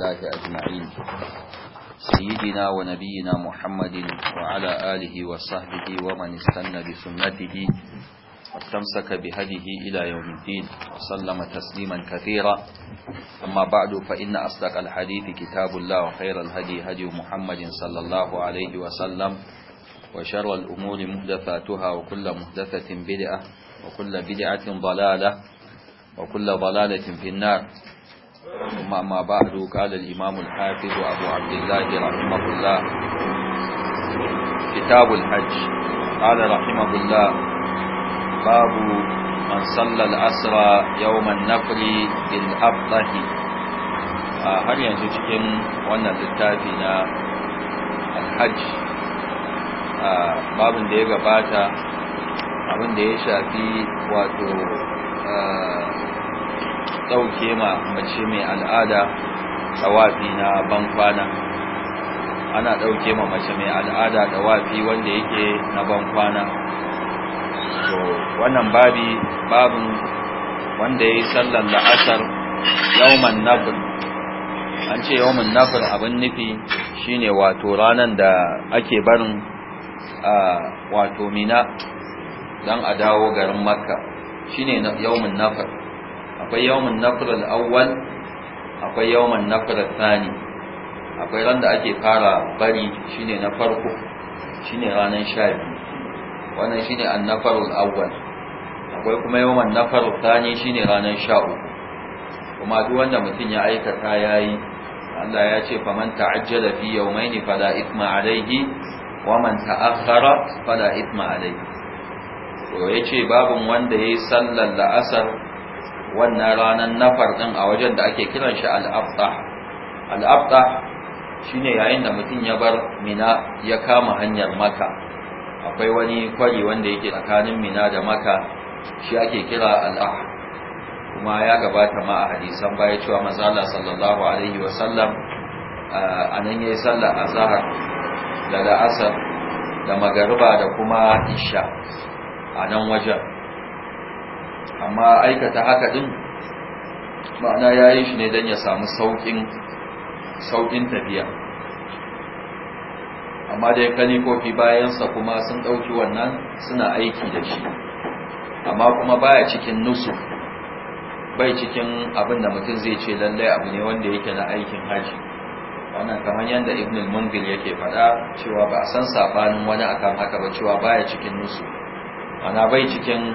الله أجمعين سيدنا ونبينا محمد وعلى آله وصحبه ومن استنى بسنته واستمسك بهديه إلى يوم الدين وسلم تسليما كثيرا أما بعد فإن أصدق الحديث كتاب الله وخير الهدي هدي محمد صلى الله عليه وسلم وشر الأمور مهدفاتها وكل مهدفة بدعة وكل بدعة ضلالة وكل ضلالة في النار ثم أما بعد قال الإمام الحافظ أبو عبد الله رحمه الله كتاب الحج قال رحمه الله باب من صلى الأسرى يوم النفر بالأبطه هل ينزجكم وانا للتافنا الحج باب ديغا باتا abin da ya shafi wato ɗauke ma mace mai al'ada tsawafi na bankwana ana ɗauke ma mace mai al'ada tsawafi wanda yake na bankwana to wannan babi babin wanda ya yi sallar la'asar yawman nafir an ce yawman nafir abin nufi shine wato ranar da ake barin wato mina don a dawo garin makka shine yawman nafir akwai yawmin nafr al-awwal akwai yawon nafr tani. akwai ran da ake fara bari shine na farko shine ranan 12 wannan shine an nafarar al-awwal akwai kuma yawmin nafr tani thani shine ranan sha'u. kuma duk wanda mutum ya aikata ya yi, Allah ya ce faman ajjala fi yawmayni fala ithma alayhi wa man ta'akhkhara fala ithma alayhi ya ce babin wanda ya yi sallar la'asar wannan ranar nafar din a wajen da ake kiran shi al-abtah al ne shine yayin da mutum ya bar mina ya kama hanyar maka akwai wani kwari wanda yake tsakanin mina da maka shi ake kira al-ah kuma ya gabata ma a hadisan baya cewa manzo sallallahu alaihi wa sallam anan yi sallar azhar daga asar da magariba da kuma isha a nan wajen amma aikata haka din ma'ana ya yi shi ne don ya samu sauƙin tafiya amma dai kofi bayansa kuma sun ɗauki wannan suna aiki da shi amma kuma baya cikin nusu bai cikin abin da mutum zai ce lallai abu ne wanda yake na aikin haji wannan kamar yadda ibn al yake faɗa cewa ba a san sabanin wani akan haka ba cewa baya cikin nusu ana bai cikin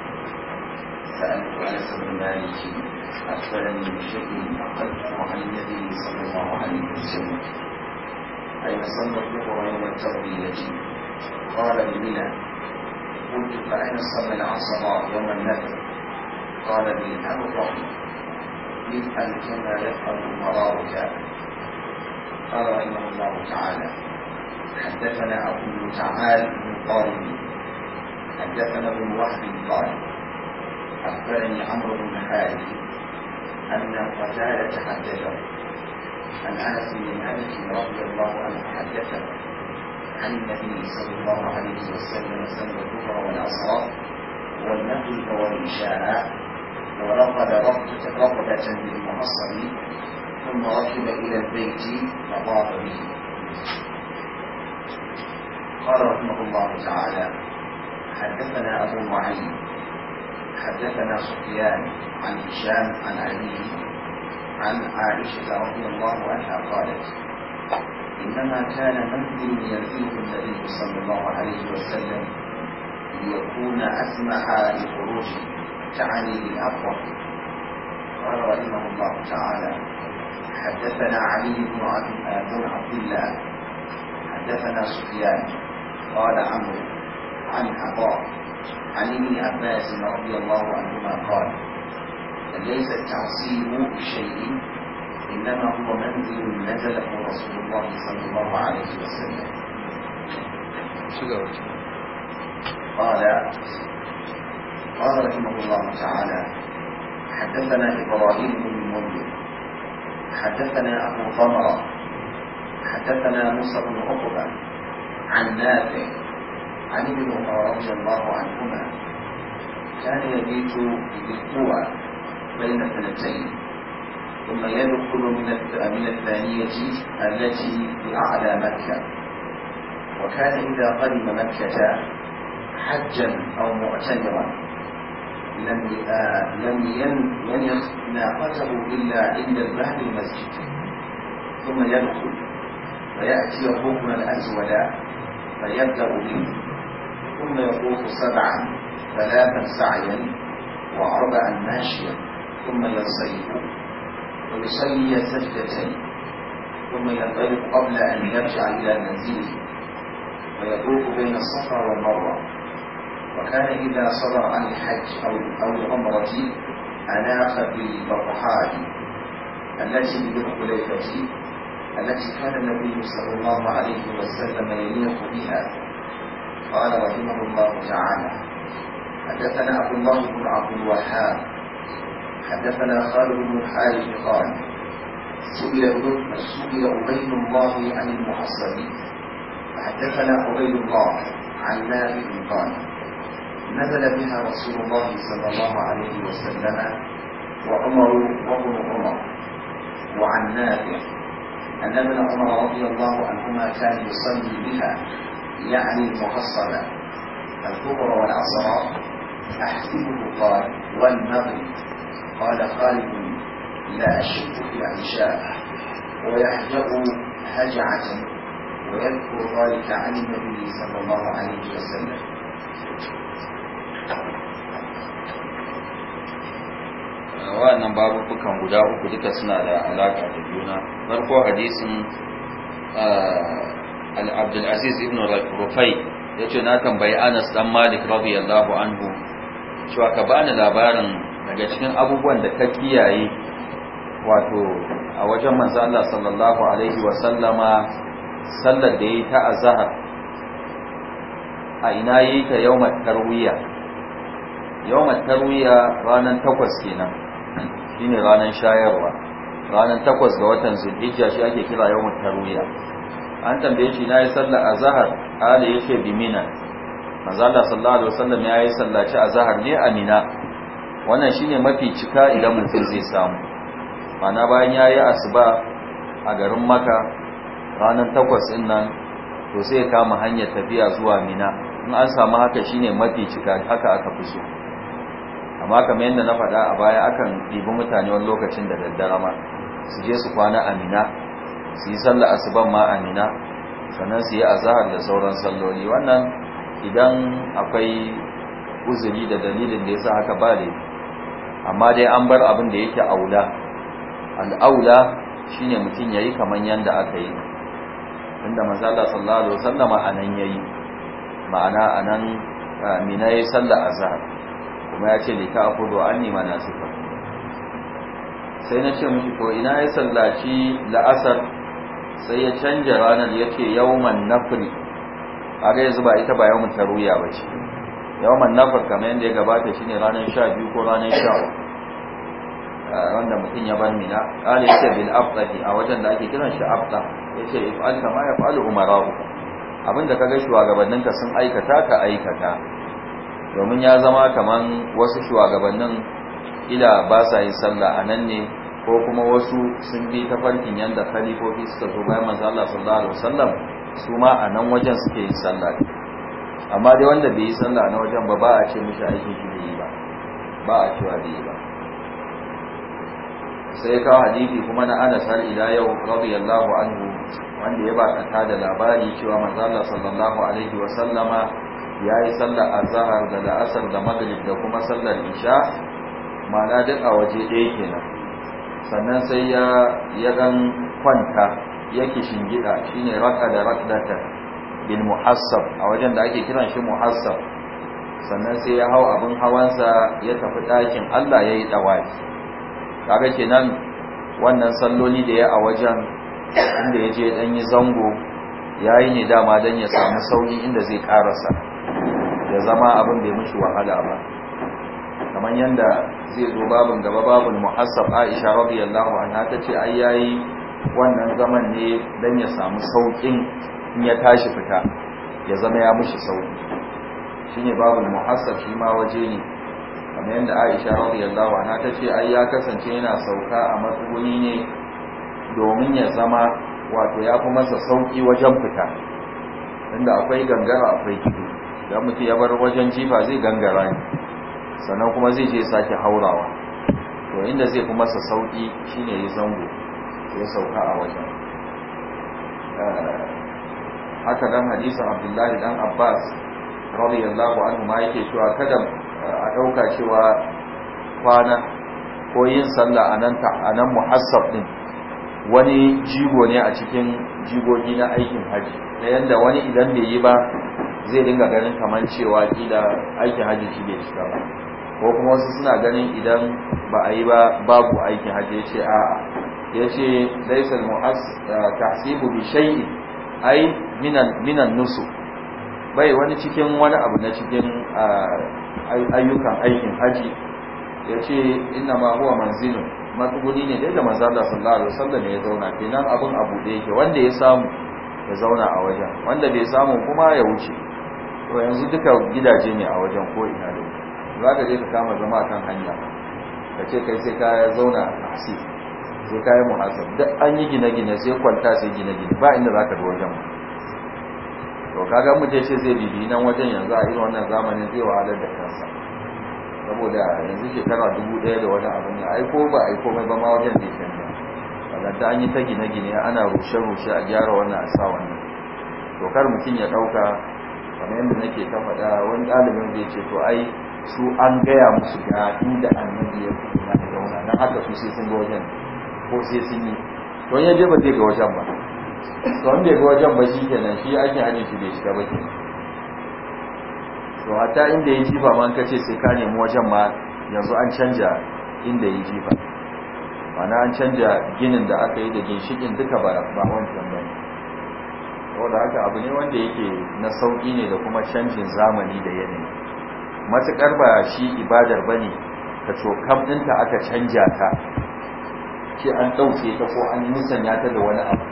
فأنت أحسن مالك أقبل من شيء عن النبي صلى الله عليه وسلم أي صلى الظهر يوم التروية قال بمنى قلت فأين صلى العصر يوم النذر قال لي أبرح يفعل كما يفعل مراوك قال رحمه الله تعالى حدثنا أبو تعالى بن طالب حدثنا ابن وحي قال أخبرني عمرو بن حارث أن قتالة حدثه عن أنس بن مالك رضي الله عنه حدثه عن النبي صلى الله عليه وسلم صلى الكفر والعصر والمغرب والعشاء ورقد رقدة بالمعصر ثم ركب إلى البيت فطاف به قال رحمه الله تعالى حدثنا أبو معين حدثنا سفيان عن هشام عن علي عن عائشة رضي الله عنها قالت إنما كان منزل يزيد النبي صلى الله عليه وسلم ليكون أسمع لخروج تعني بالأقوى قال رحمه الله تعالى حدثنا علي بن عبد الله حدثنا سفيان قال عمرو عن عطاء عن ابن عباس رضي الله عنهما قال ليس التعصيب بشيء إنما هو منزل نزله رسول الله صلى الله عليه وسلم قال قال رحمه الله تعالى حدثنا إبراهيم بن المنذر حدثنا أبو ثمرة حدثنا موسى بن عقبة عن نافع عن ابن عمر رضي الله عنهما كان يبيت بالقوى بين الثنتين ثم يدخل من من الثانية التي بأعلى مكة وكان إذا قدم مكة حجا أو معتمرا لم لم ينخ ناقته إلا عند البهر المسجد ثم يدخل فيأتي الركن الأسود فيبدأ به ثم يطوف سبعا ثلاثا سعيا وأربعا ماشيا ثم ينصرف ويصلي سجدتين ثم ينطلق قبل أن يرجع إلى منزله ويطوف بين الصفا والمروة وكان إذا صلى عن الحج أو أو العمرة أناخ بالبطحاء التي بذي التي كان النبي صلى الله عليه وسلم يليق بها قال رحمه الله تعالى حدثنا أبو الله بن عبد الوهاب حدثنا خالد بن الحارث قال سئل سئل عبيد الله عن المحصنين فحدثنا عبيد الله عن نافع قال نزل بها رسول الله صلى الله عليه وسلم وعمر وابن عمر وعن نافع أن ابن عمر رضي الله عنهما كان يصلي بها يعني مفصلا الكبرى والأصغر أحسبه قال والمغرب قال خالد لا أشك في عشاء ويحجب هجعة ويذكر ذلك عن النبي صلى الله عليه وسلم wa'annan babukan guda uku duka suna da alaka da juna farko hadisin abdulaziz ibn rufai ya ce na tambayi anas dan malik radiyallahu anhu cewa ka bani labarin daga cikin abubuwan da ka kiyaye wato a wajen manzo Allah sallallahu alaihi wa sallama sallar da yayi ta azhar a ina yayi ta yawmat tarwiya yawmat tarwiya ranan takwas kenan shine ranan shayarwa ranan takwas ga watan zulhijja shi ake kira yawmat tarwiya an tambaye shi na yi sallar azahar ala ya ce bi mina manzo sallallahu alaihi wasallam ya yi sallaci zahar ne a mina wannan shine mafi cika idan mutum zai samu mana bayan ya yi asuba a garin maka ranar takwas ɗin nan to sai ya kama hanyar tafiya zuwa mina in an samu haka shine mafi cika haka aka fi so amma kamar yadda na faɗa a baya akan ɗibi mutane wani lokacin da daddare ma su je su kwana a mina su yi sallar asuban ma amina sannan su yi azahar da sauran salloli wannan idan akwai uzuri da dalilin da ya sa haka ba ne amma dai an bar abin da yake aula al'aula ne mutum ya yi kamar yadda aka yi inda masala sallalo sallama a nan ya yi, ma'ana Amina mina yi sallar azahar, kuma ya ce lita akudu anni manasika sai na ce mutu ko ina ya sallaci la'asar sai ya canja ranar ya ce yawman nafri a ga yanzu ba ita ba yawon taruya ba ce yawman nafar kamar yadda ya gabata shine ranar sha biyu ko ranar sha ah, wanda mutum ya bar mina ƙala ya ce bin abdahi a wajen da ake kiran shi abda ya ce if'al kama ya umara uku abinda ka ga shugabanninka sun aikata ka aikata domin ya zama kaman wasu shugabannin ila ba sa yin sallah a nan ne ko kuma wasu sun bi ta farkin yadda khalifofi suka zo bayan manzo Allah sallallahu alaihi wasallam su ma a nan wajen suke yin sallah amma dai wanda bai yi sallah na wajen ba ba a ce mishi aiki shi bai yi ba ba a cewa bai yi ba sai kawo hadisi kuma na Anas har ila yau radiyallahu anhu wanda ya ba ta da labari cewa manzo Allah sallallahu alaihi wasallama yi sallar azhar da la'asar da maghrib da kuma sallar isha ma'ana duk a waje ɗaya kenan sannan sai ya ya dan kwanta yake shingida shine raka da rakdata bil muhassab a wajen da ake kiran shi muhassab sannan sai ya hau abin hawansa ya tafi ɗakin Allah yayi dawaki kaga kenan wannan salloli da ya a wajen inda ya je dan yi zango yayi ne dama dan ya samu sauki inda zai karasa ya zama abin bai mushi wahala ba kamar yadda zai zo babin gaba babin muhassab aisha radiyallahu anha ta ai yayi wannan zaman ne dan ya samu saukin in ya tashi fita ya zama ya mushi sauki shine babin muhassab shi ma waje ne kamar yadda aisha radiyallahu anha ta ai ya kasance yana sauka a matsuguni ne domin ya zama wato ya fi masa sauki wajen fita inda akwai gangara akwai kido idan mutu ya bar wajen jifa zai gangara ne sannan kuma zai je sake haurawa to inda zai kuma masa sauki shine ya zango ya sauka a wajen eh, haka dan hadisin abdullahi dan abbas radiyallahu anhu ma yake cewa kada eh, a dauka cewa kwana ko yin sallah anan ta anan muhassab din wani jigo ne a cikin jigogi na aikin haji da yanda wani idan bai yi ba zai dinga ganin kaman cewa kila aikin haji shi bai shiga ba ko kuma wasu suna ganin idan ba a yi ba babu aikin hajji ya ce a'a ya ce laisal mu'as eh, tasibu bi shay'in ai minan nusu bai wani cikin wani abu na cikin eh, ayyukan aikin haji ya ce inna ma huwa manzilun matsuguni ne dai da manzo Allah sallallahu alaihi wasallam ya zauna kenan abun abu da yake wanda ya samu ya zauna a wajen wanda bai samu kuma ya wuce to yanzu duka gidaje ne a wajen ko ina da za ka je ka kama zama a kan hanya ka ce kai sai ka zauna a hasi sai ka yi muhasar Da an yi gine-gine sai kwanta sai gine-gine ba inda za ka ga wajen to kaga mu ce zai bibi nan wajen yanzu a irin wannan zamanin zai wahalar da kansa saboda yanzu shekara dubu ɗaya da wani abu ne aiko ba aiko mai ba ma wajen da ya ta an yi ta gine-gine ana rushe-rushe a gyara wannan a sa wannan to kar mutum ya ɗauka kamar yadda nake ta faɗa wani ɗalibin zai ce to ai su an gaya musu ga inda annabi ya kuma da zauna dan haka su sai sun ga wajen ko sai sun yi to ya je ba zai ga wajen ba to an bai ga wajen ba shi kenan shi ake hajji shi bai shiga ba ke to hatta inda ya jifa ma kace sai ka nemi wajen ma yanzu an canja inda ya jifa mana an canja ginin da aka yi da ginshikin duka ba wancan ba ne saboda haka abu ne wanda yake na sauƙi ne da kuma canjin zamani da yanayi matukar ba shi ibadar bane ka cokam ɗinta aka canja ta Shi an ɗauke ta ko an musanya ta da wani abu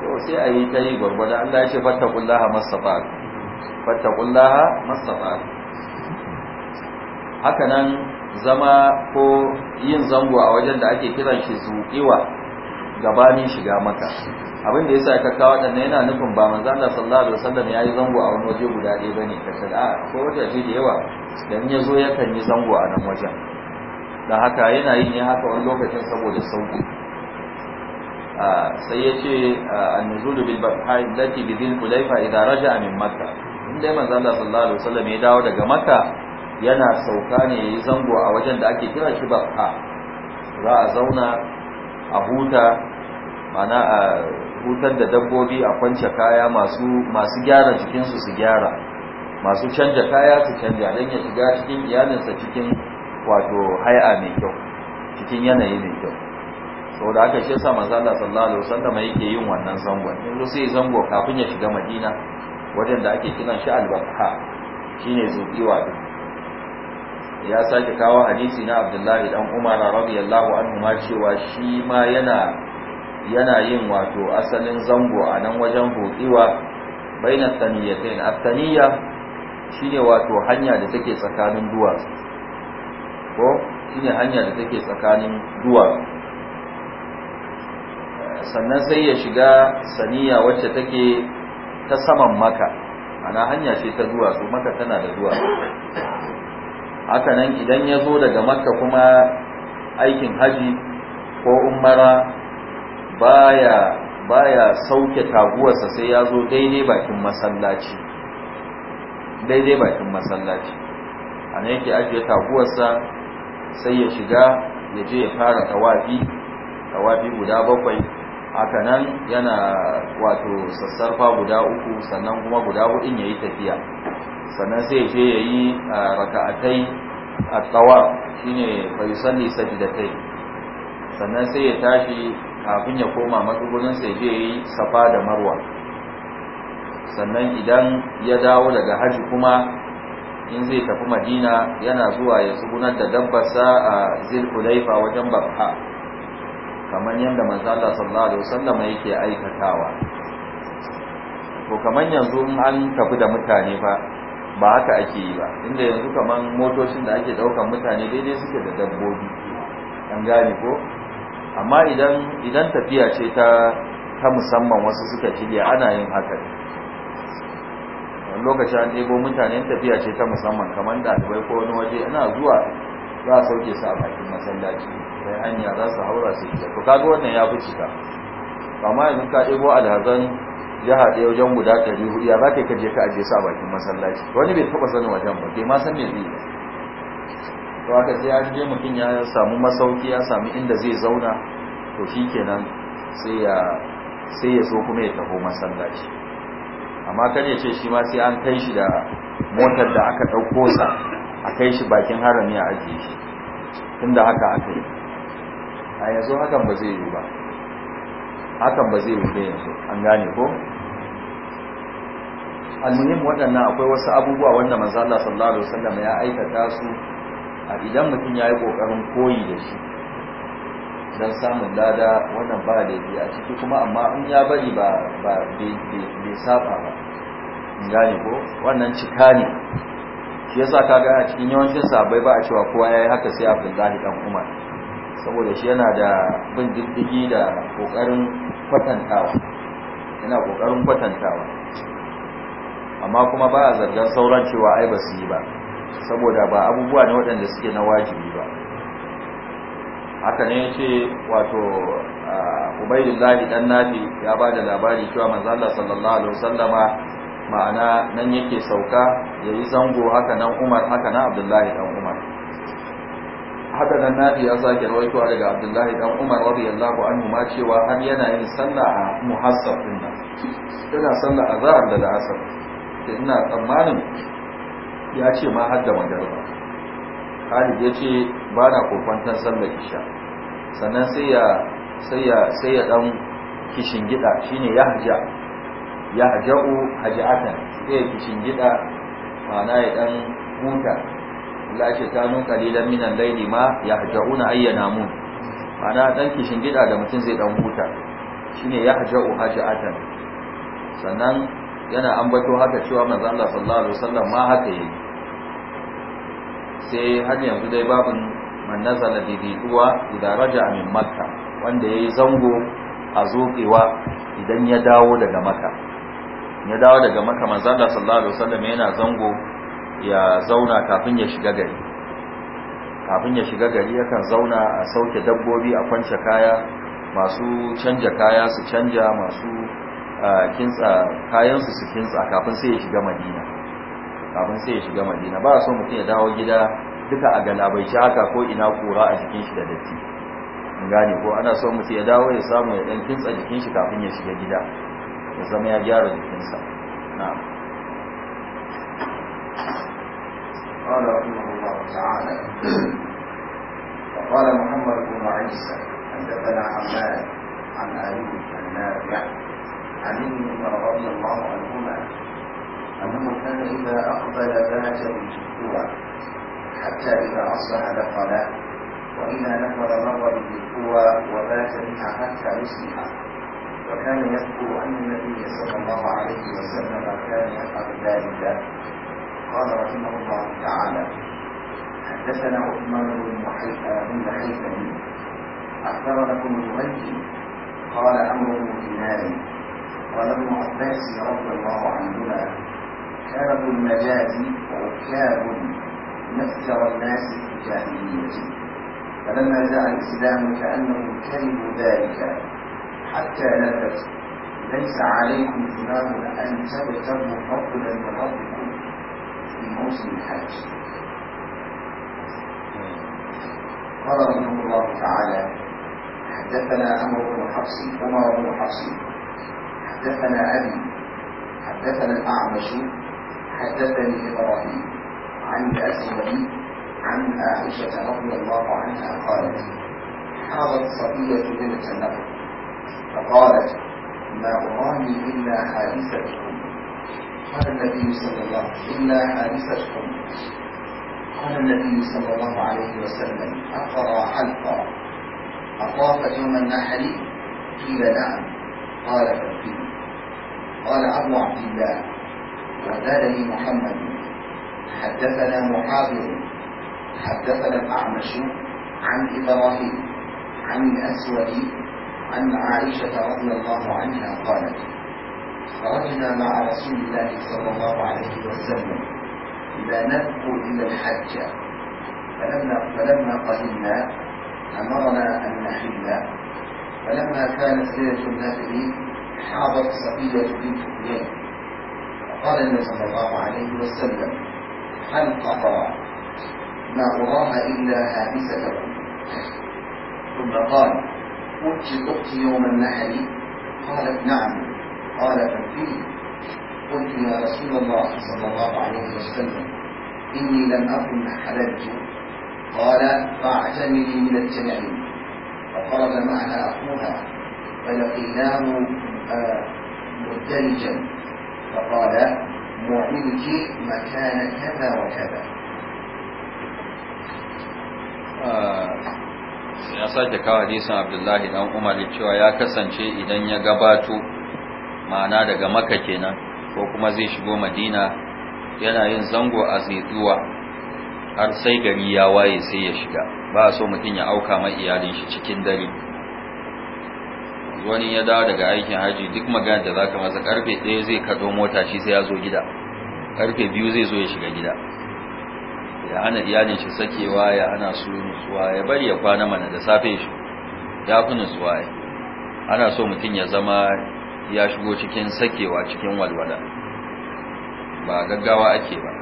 to sai a yi ta yi gwargwada Allah ya ce fattakullaha masaba fattakullaha masaba haka nan zama ko yin zango a wajen da ake kiran shi zuƙiwa gabanin shiga maka abin da yasa ka kawo wadannan yana nufin ba manzo Allah sallallahu alaihi wasallam yayi zango a wani waje guda ɗaya bane ka ce a wata ji da yawa dan ya zo yakan yi zango a nan wajen dan haka yana yin ne haka wani lokacin saboda sauki sai ya ce annuzulu bil bahai lati bi bil hulaifa idan raja'a min makka inda manzo Allah sallallahu alaihi wasallam ya dawo daga makka yana sauka ne yayi zango a wajen da ake kira shi ba za a zauna a huta mana a hutar da dabbobi a kwance kaya masu masu gyara jikinsu su gyara masu canja kaya su canja don ya shiga cikin iyalinsa cikin wato hai'a mai kyau cikin yanayi mai kyau sau da aka shi sa manzala sallallahu alaihi wasallam yake yin wannan zangon yanzu sai zango kafin ya shiga madina wajen da ake kiran shi albarka shine zuki wato ya sake kawo hadisi na abdullahi dan umar radiyallahu anhu ma cewa shi ma yana yana yin wato asalin zango a nan wajen buɗewa bainar taniyatain attaniya shine wato hanya da take tsakanin duwatsu ko shine hanya da take tsakanin duwatsu sannan sai ya shiga saniya wacce take ta saman maka ana hanya ce ta duwatsu maka tana da duwatsu haka nan idan ya zo daga makka kuma aikin haji ko umara baya baya sauke taguwarsa sai ya zo daidai bakin masallaci daidai bakin masallaci a nan yake ajiye taguwarsa sai ya shiga ya je ya fara tawafi tawafi guda bakwai haka nan yana wato sassarfa guda uku sannan kuma guda hudun ya yi tafiya sannan sai ya je ya yi raka'atai a tsawa shine bai salli sajidatai sannan sai ya tashi kafin ya koma matsuguninsa ya je yi safa da marwa sannan idan ya dawo daga hajji kuma in zai tafi madina yana zuwa ya tsugunar da dabbarsa a zirkulaifa wajen babha kamar yadda manzala sallallahu alaihi wasallam yake aikatawa to kamar yanzu in an tafi da mutane ba ba haka ake yi ba inda yanzu kamar motocin da ake daukan mutane daidai suke da dabbobi an gane ko amma idan idan tafiya ce ta ta musamman wasu suka shirya ana yin haka wani lokaci an ɗebo mutane tafiya ce ta musamman kamar ɗalibai ko wani waje ana zuwa za a sauke su a bakin masallaci sai hanya za su haura su shiga to kaga wannan ya fi cika amma yanzu ka ɗebo alhazan jiha ɗaya wajen guda ɗari hudu ya za ka je ka ajiye su a bakin masallaci wani bai taɓa sanin wajen ba bai ma san me zai to haka sai an je mutum ya samu masauki ya samu inda zai zauna to shi kenan sai ya so kuma ya taho masallaci amma kan ya ce shi ma sai an kai shi da motar da aka ɗauko sa a kai shi bakin harami a ajiye shi tunda haka aka yi a yanzu hakan ba zai yi ba hakan ba zai yi ba yanzu an gane ko almuhim waɗannan akwai wasu abubuwa wanda manzo Allah sallallahu alaihi wasallam ya aikata su A idan mutum ya yi ƙoƙarin koyi da shi don samun lada wannan ba laifi a ciki kuma amma in ya bari ba bai saba ba in gane ko wannan cika ne shi yasa ga a cikin yawancin sabai ba a cewa kowa ya yi haka sai zahi dan umar saboda shi yana da bin diddigi da ƙoƙarin kwatantawa yana ƙoƙarin kwatantawa amma kuma ba a zargar sauran cewa ai ba su yi ba saboda ba abubuwa ne waɗanda suke na wajibi ba haka ne ce wato ubaidullahi ɗan nafi ya ba da labari cewa manzo sallallahu alaihi wasallama ma'ana nan yake sauka ya yi zango haka nan Umar haka nan Abdullahi Ɗan Umar haka nan nafi ya sake rawaitowa daga Abdullahi Ɗan Umar ku an ma cewa har yana yin sallah a muhassar din nan yana sallah azhar da asar ina tsammanin ya ce ma har da magarba khalid ya ce ba na kokwantar sallar isha sannan sai ya sai ya sai ya dan kishin gida shine yahja yahja'u hajatan sai ya kishin gida ma'ana ya dan huta Allah ya ce kanu qalilan minan laili ma ayyana mun. ma'ana dan kishin gida da mutum zai dan huta shine yahja'u hajatan sannan yana ambato haka cewa manzo Allah sallallahu alaihi wasallam ma haka yake sai har yanzu dai babin man nazala bi biduwa idan raja min makka wanda yayi zango a zokewa idan ya dawo daga makka ya dawo daga makka manzo Allah sallallahu alaihi wasallam yana zango ya zauna kafin ya shiga gari kafin ya shiga gari yakan zauna a sauke dabbobi a kwance kaya masu canja kaya su canja masu ah, kinsa kayansu su kinsa kafin sai ya shiga madina kafin sai ya shiga madina ba so mutum ya dawo gida duka a galabaici haka ko ina kura a jikin shi da datti in gane ko ana so mutum ya dawo ya samu ya dan kintsa jikin shi kafin ya shiga gida ya zama ya gyara jikinsa na'am قال رحمه الله تعالى وقال محمد بن عيسى حدثنا حماد عن ايوب النافع عن ابن عمر رضي أنه كان إذا أقبل بات بالجفوة حتى إذا أصبح دخل وإذا نفر مر بالجفوة وبات بها حتى يصبح وكان يذكر أن النبي صلى الله عليه وسلم كان يفعل ذلك قال رحمه الله تعالى حدثنا عثمان بن بن حيثم أخبرنا ابن جريج قال عمرو بن دينار قال ابن عباس رضي الله عنهما أرب المجاز عكاب مكر الناس في الجاهلية فلما جاء الإسلام كأنهم كرهوا ذلك حتى نفت ليس عليكم جناح أن تبتغوا فضلا من ربكم في موسم الحج قال رحمه الله تعالى حدثنا عمرو بن حفص عمر بن حفص حدثنا أبي حدثنا الأعمش حدثني إبراهيم عن الأسود عن عائشة رضي الله عنها قالت حارت صبية بنت النبي فقالت ما أراني إلا حادثتكم قال النبي صلى الله عليه وسلم إلا حادثتكم قال النبي صلى الله عليه وسلم أقرى حلقا أطاف يوم النحل قيل نعم قال فكيف قال أبو عبد الله حدثني محمد حدثنا محاضر حدثنا الأعمش عن إبراهيم عن الأسود عن عائشة رضي الله عنها قالت خرجنا مع رسول الله صلى الله عليه وسلم لا نبقوا إلا الحج فلما فلما قدمنا أمرنا أن نحل فلما كانت ليلة النافل حاضت صفية بنت قال النبي صلى الله عليه وسلم قطع ما أراها إلا هامستكم ثم قال قلت أختي يوم النحر قالت نعم قال ففيه قلت يا رسول الله صلى الله عليه وسلم إني لم أكن حللت قال فاعتمدي من التنعيم فخرج معنا أخوها فلقيناه آه، مدلجا فقال معيدي مكان كذا وكذا ya sake kawo hadisin abdullahi dan umar cewa ya kasance idan ya gabato ma'ana daga maka kenan ko kuma zai shigo madina yana yin zango a zaituwa har sai gari ya waye sai ya shiga ba a so mutum ya auka mai iyalin shi cikin dare wani ya dawo daga aikin haji duk magana da zaka masa karfe 1 zai kado mota shi sai ya zo gida karfe 2 zai zo ya shiga gida ya hana iyalin shi sakewa ya hana su nutsuwa ya bari ya kwana mana da safe shi ya fi nutsuwa ya ana so mutum ya zama ya shigo cikin sakewa cikin walwala ba gaggawa ake ba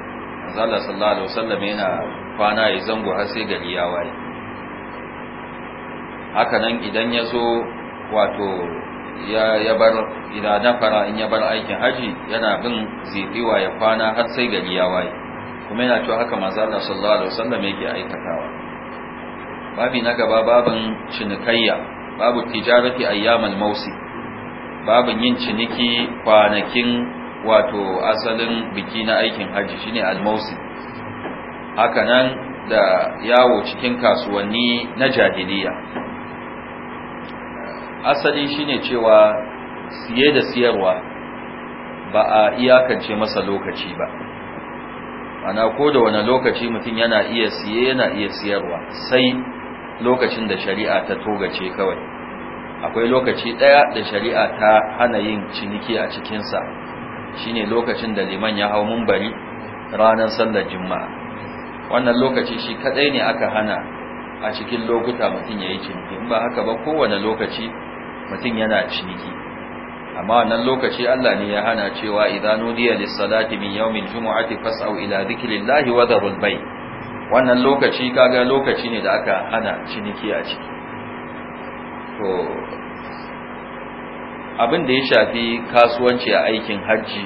Allah sallallahu alaihi wasallam yana kwana ya zango har sai gari ya waye haka nan idan ya zo wato ya bar idan nafara in ya bar aikin haji yana bin zifiwa ya kwana har sai gari ya waye kuma yana cewa haka manzo Allah sallallahu alaihi wasallam yake aikatawa babi na gaba babin cinikayya babu tijarati ayyamal mausi babin yin ciniki kwanakin wato asalin biki na aikin haji shine al-mausi haka nan da yawo cikin kasuwanni na jahiliya asali shine cewa siye da siyarwa ba a iyakance masa lokaci ba ana ko da wani lokaci mutum yana iya siye yana iya siyarwa sai lokacin da shari'a ta togace kawai akwai lokaci ɗaya da shari'a ta hana yin ciniki a cikinsa shine lokacin da liman ya hau mumbari ranar sallar juma'a wannan lokaci shi kadai ne aka hana a cikin lokuta mutum ya yi ciniki in ba haka ba kowane lokaci mutum yana ciniki amma wannan lokaci Allah ne ya hana cewa idan nudiya lis-salati min yawmin jumu'ati fas'au ila dhikrillahi wa dharul bay wannan lokaci kaga lokaci ne da aka hana ciniki a ciki to abin da ya shafi kasuwanci a aikin hajji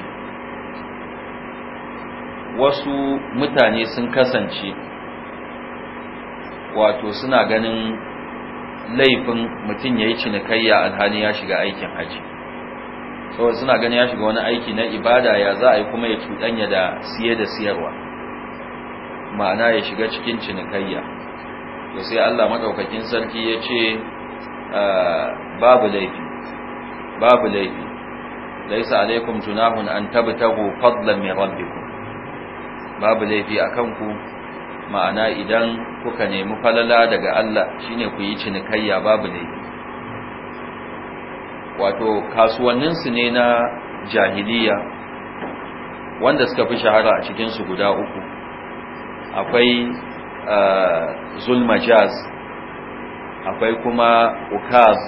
wasu mutane sun kasance wato suna ganin laifin mutum ya yi cinikayya alhali ya shiga aikin haji saboda suna ganin ya shiga wani aiki na ibada ya za a yi kuma ya cuɗanya da siye da siyarwa ma'ana ya shiga cikin cinikayya to sai Allah maɗaukakin sarki ya ce ah, babu laifi babu laifi laisa alaikum tunahun an tabtahu fadlan min rabbikum babu laifi akan ku ma'ana idan kuka nemi falala daga Allah shine ku yi cinikayya babu ne wato kasuwanninsu ne na jahiliya wanda suka fi shahara a cikinsu guda uku akwai eh, zulmajaz akwai kuma ukaz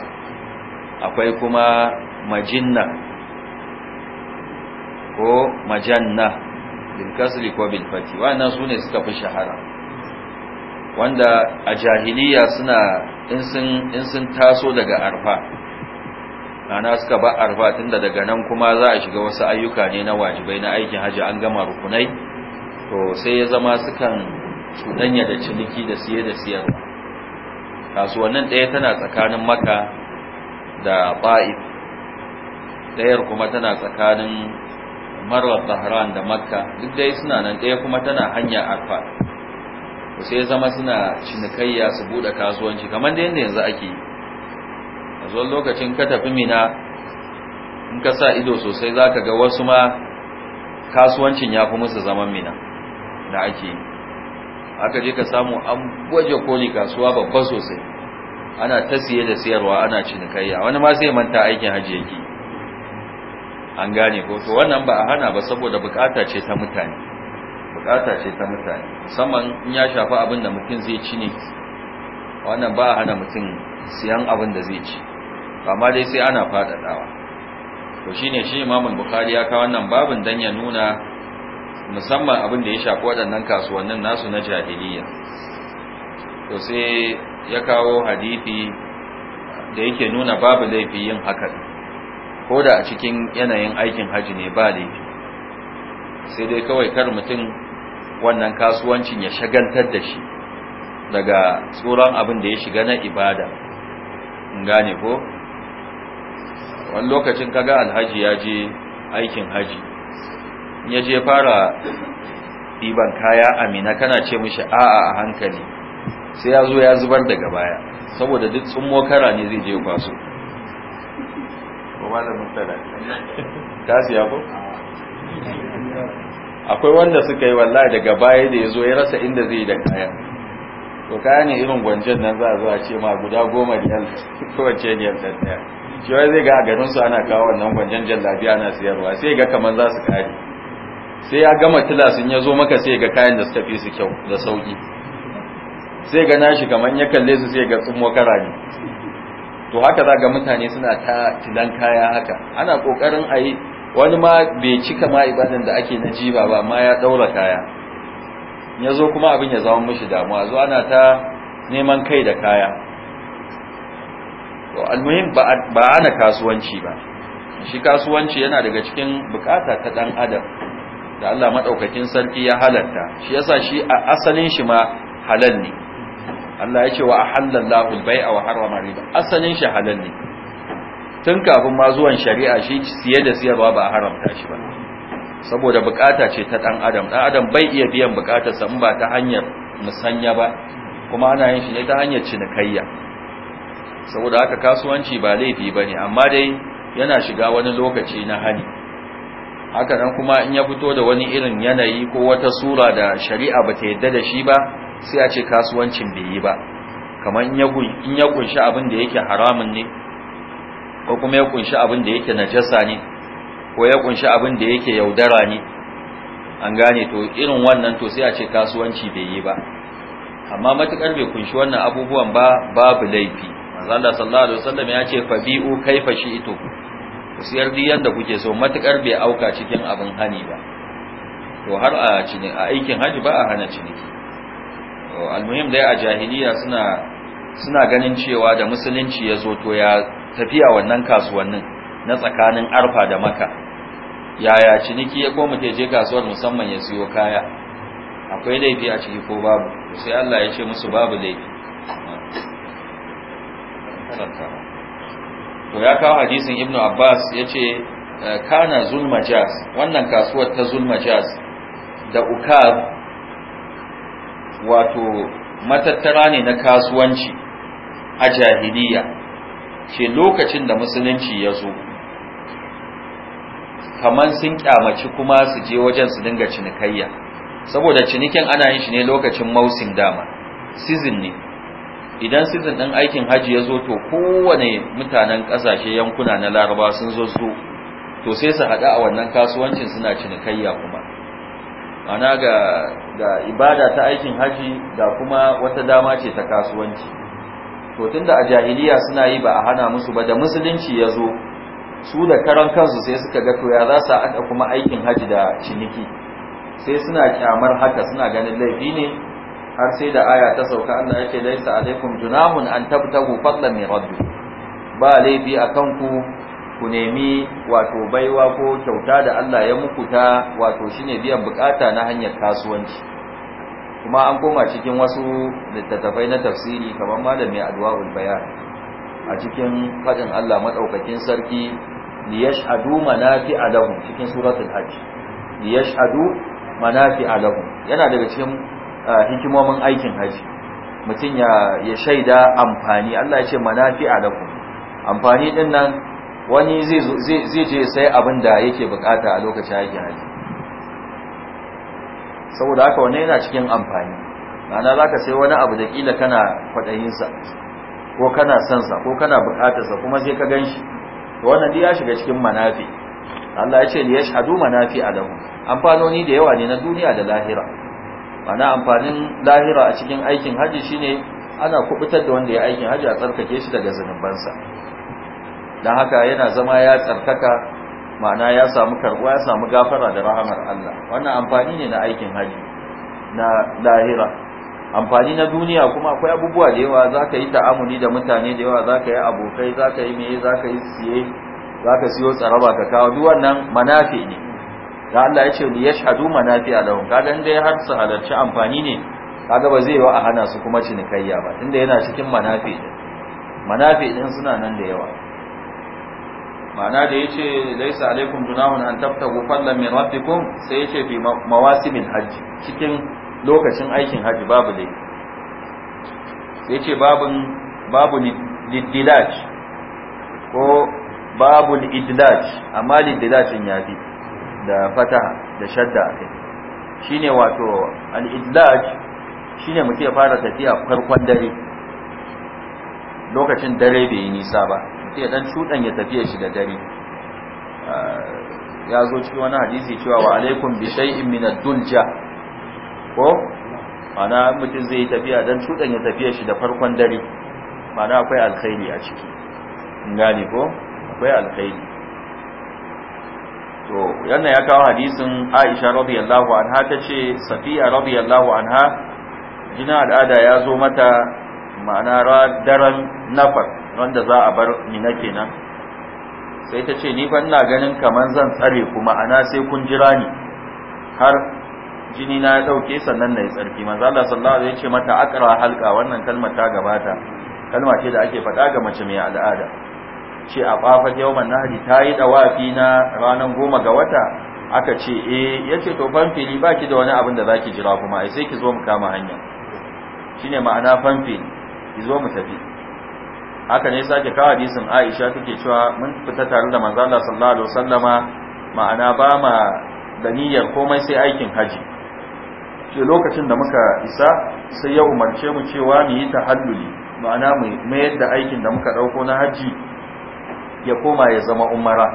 akwai kuma majinna ko majanna bil kasri ko bil fati su ne suka fi shahara wanda a jahiliya suna in sun taso daga arfa ana suka ba arfa tunda daga nan kuma za a shiga wasu ayyuka ne na wajibai na aikin hajji an gama rukunai to sai ya zama sukan cuɗanya da ciniki da siye da siyarwa kasuwannin ɗaya tana tsakanin maka da ba'id ɗayar kuma tana tsakanin marwar zahra da makka duk dai suna nan ɗaya kuma tana hanyar arfa sai zama suna cinikayya su buɗe kasuwanci kamar da yadda yanzu ake yi a zuwan lokacin ka tafi mina in ka sa ido sosai za ka ga wasu ma kasuwancin ya fi musu zaman mina da ake yi aka je ka samu an gwaje koli kasuwa babba sosai ana ta siye da siyarwa ana cinikayya wani ma sai manta aikin hajji yake an gane ko to wannan ba a hana ba saboda bukata ce ta mutane bukata ce ta mutane musamman in ya shafi abin da mutum zai ci ne wannan ba a hana mutum siyan abin da zai ci amma dai sai ana faɗaɗawa to shine shi imamun bukhari ya ka wannan babin dan ya nuna musamman abin da ya shafi waɗannan kasuwannin nasu na jahiliya to sai ya kawo hadisi da yake nuna babu laifi yin haka ko da a cikin yanayin aikin haji ne ba laifi sai dai kawai kar mutum wannan kasuwancin ya shagantar da shi daga tsoron abin da ya shiga na ibada in gane ko wani lokacin kaga alhaji ya je aikin haji ya je fara ɗiban kaya amina kana ce mishi a'a a hankali sai ya zo ya zubar daga baya saboda duk tsummo kara ne zai je kwaso ta siya ko? akwai wanda suka yi wallahi daga baya da ya zo ya rasa inda zai da kaya to kaya ne irin gwanjen nan za a zo a ce ma guda goma riyal kowace ne ɗan daya shi wai zai ga a garinsu ana kawo wannan gwanjen jallabi ana siyarwa sai ga kamar za su kare sai ya gama tilasin ya zo maka sai ga kayan da suka fi su kyau da sauki sai ga nashi kamar ya kalle su sai ga tsummo kara ne to haka za ga mutane suna ta tilan kaya haka ana kokarin a yi wani ma bai cika ma ibadan da ake na jiba ba ma ya daura kaya ya zo kuma abin ya zama mishi damuwa zo ana ta neman kai da kaya to almuhim ba ana kasuwanci ba shi kasuwanci yana daga cikin bukata ta dan adam da Allah madaukakin sarki ya halatta shi yasa shi a asalin shi ma halal ne Allah ya ce wa ahallallahu al-bai'a wa harrama riba asalin shi halal ne tun kafin ma zuwan shari'a shi siye da siyarwa ba a haramta shi ba saboda bukata ce ta dan adam dan adam bai iya biyan bukatarsa in ba ta hanyar musanya ba kuma ana yin shi ne ta hanyar cinikayya saboda haka kasuwanci ba laifi bane amma dai yana shiga wani lokaci na hani haka nan kuma in ya fito da wani irin yanayi ko wata sura da shari'a ba ta yadda da shi ba sai a ce kasuwancin bai yi ba kamar in ya kunshi abin da yake haramun ne ko kuma ya kunshi abin da yake najasa ne ko ya kunshi abin da yake yaudara ne an gane to irin wannan to sai a ce kasuwanci bai yi ba amma matukar bai kunshi wannan abubuwan ba babu laifi manzo Allah sallallahu alaihi wasallam ya ce fabi'u kaifa shi'tu ku siyar duk yanda kuke so matukar bai auka cikin abin hani ba to har a cini a aikin haji ba a hana ciniki to almuhim dai a jahiliya suna suna ganin cewa da musulunci ya zo to ya tafiya wannan kasuwannin na tsakanin arfa da maka yaya ciniki ya koma ke je kasuwar musamman ya siyo kaya akwai laifi a ciki ko babu sai Allah ya ce musu babu laifi to ya kawo hadisin ibnu abbas ya ce eh, kana zulmajaz wannan kasuwar ta Zulma jaz da ukab wato matattara ne na kasuwanci a jahiliya Ke lokacin da musulunci ya zo kamar sun kyamaci kuma su je wajen su dinga cinikayya saboda cinikin ana yin shi ne lokacin mausin dama season ne idan season din aikin haji ya zo to kowane mutanen kasashe yankuna na laraba sun zo zo to sai su haɗu a wannan kasuwancin suna cinikayya kuma ana ga ibada ta aikin haji da kuma wata dama ce ta kasuwanci to tunda a jahiliya suna yi ba a hana musu ba da musulunci ya zo su da karan kansu sai suka ga to ya za su haɗa kuma aikin hajji da ciniki sai suna kyamar haka suna ganin laifi ne har sai da aya ta sauka Allah yake laisa alaikum junahun an tabtahu fadlan min rabbi ba laifi akan ku ku nemi wato baiwa ko kyauta da Allah ya muku ta wato shine biyan bukata na hanyar kasuwanci kuma an koma cikin wasu littattafai na tafsiri kamar malami adwaul bayan a cikin fadin Allah madaukakin sarki liyashhadu manafi'a lahum cikin suratul hajj liyashhadu manafi'a lahum yana daga cikin hikimomin aikin haji mutum ya shaida amfani Allah ya ce manafi'a lahum amfani din nan wani zai je sai abin da yake bukata a lokacin aikin haji saboda haka wannan yana cikin amfani ma'ana ka sai wani abu da kila kana kwaɗayinsa, sa ko kana son ko kana buƙatarsa, kuma sai ka ganshi to wannan dai ya shiga cikin manafi Allah ya ce li yashhadu manafi alahu amfanoni da yawa ne na duniya da lahira ma'ana amfanin lahira a cikin aikin haji shine ana kubutar da wanda ya aikin haji a tsarkake shi daga zanubansa dan haka yana zama ya tsarkaka ma'ana ya samu karɓuwa ya samu gafara da rahamar Allah wannan amfani ne na aikin haji na lahira amfani na duniya kuma akwai abubuwa da yawa za ka yi ta'amuli da mutane da yawa za ka yi abokai za ka yi meye za ka yi siye za ka siyo tsaraba ka kawo duk wannan manafi ne da Allah ya ce ya yashhadu manafi daun ka Dan ya har su halarci amfani ne kaga ba zai yi a hana su kuma cinikayya ba tunda yana cikin manafi din manafi din suna nan da yawa ma'ana da yace laisa alaikum junahun an tabtagu fadlan min rabbikum sai yace fi mawasimin hajji cikin lokacin aikin hajji babu dai sai yace babun babu lidilaj ko Babu liddilaj amma ya yafi da fataha da shadda akai shine wato al idlaj shine muke fara tafiya farkon dare lokacin dare bai yi nisa ba ya dan shudan ya tafiye shi da dare ah, ya zo cikin wani hadisi cewa wa alaikum bi shay'in min ad-dulja ko ana mutum zai yi tafiya dan shudan ya tafiya shi da farkon dare mana akwai alkhairi a ciki in gane ko akwai alkhairi to yana ya kawo hadisin Aisha radiyallahu anha tace Safiya radiyallahu anha jina al'ada ya zo mata ma'ana daren nafar wanda za a bar mina kenan sai ta ce ni fa ina ganin kamar zan tsare ku ma'ana sai kun jira ni har jini na ya dauke sannan na yi tsarki manzo Allah sallallahu alaihi ya ce mata aqra halka, wannan kalmar ta gabata kalma ce da ake faɗa ga mace mai al'ada ce a fafat yawman nahari ta yi dawafi na ranar goma ga wata aka ce eh yace to fanfili baki da wani abin da zaki jira kuma sai ki zo mu kama hanya shine ma'ana fanfili Ki zo mu tafi haka ne sake kawo hadisin Aisha take cewa mun fita tare da manzo Allah sallallahu alaihi wasallama ma'ana ba ma da niyyar komai sai aikin haji shi lokacin da muka isa sai ya umarce mu cewa mu yi tahalluli ma'ana mu mayar da aikin da muka dauko na haji ya koma ya zama umara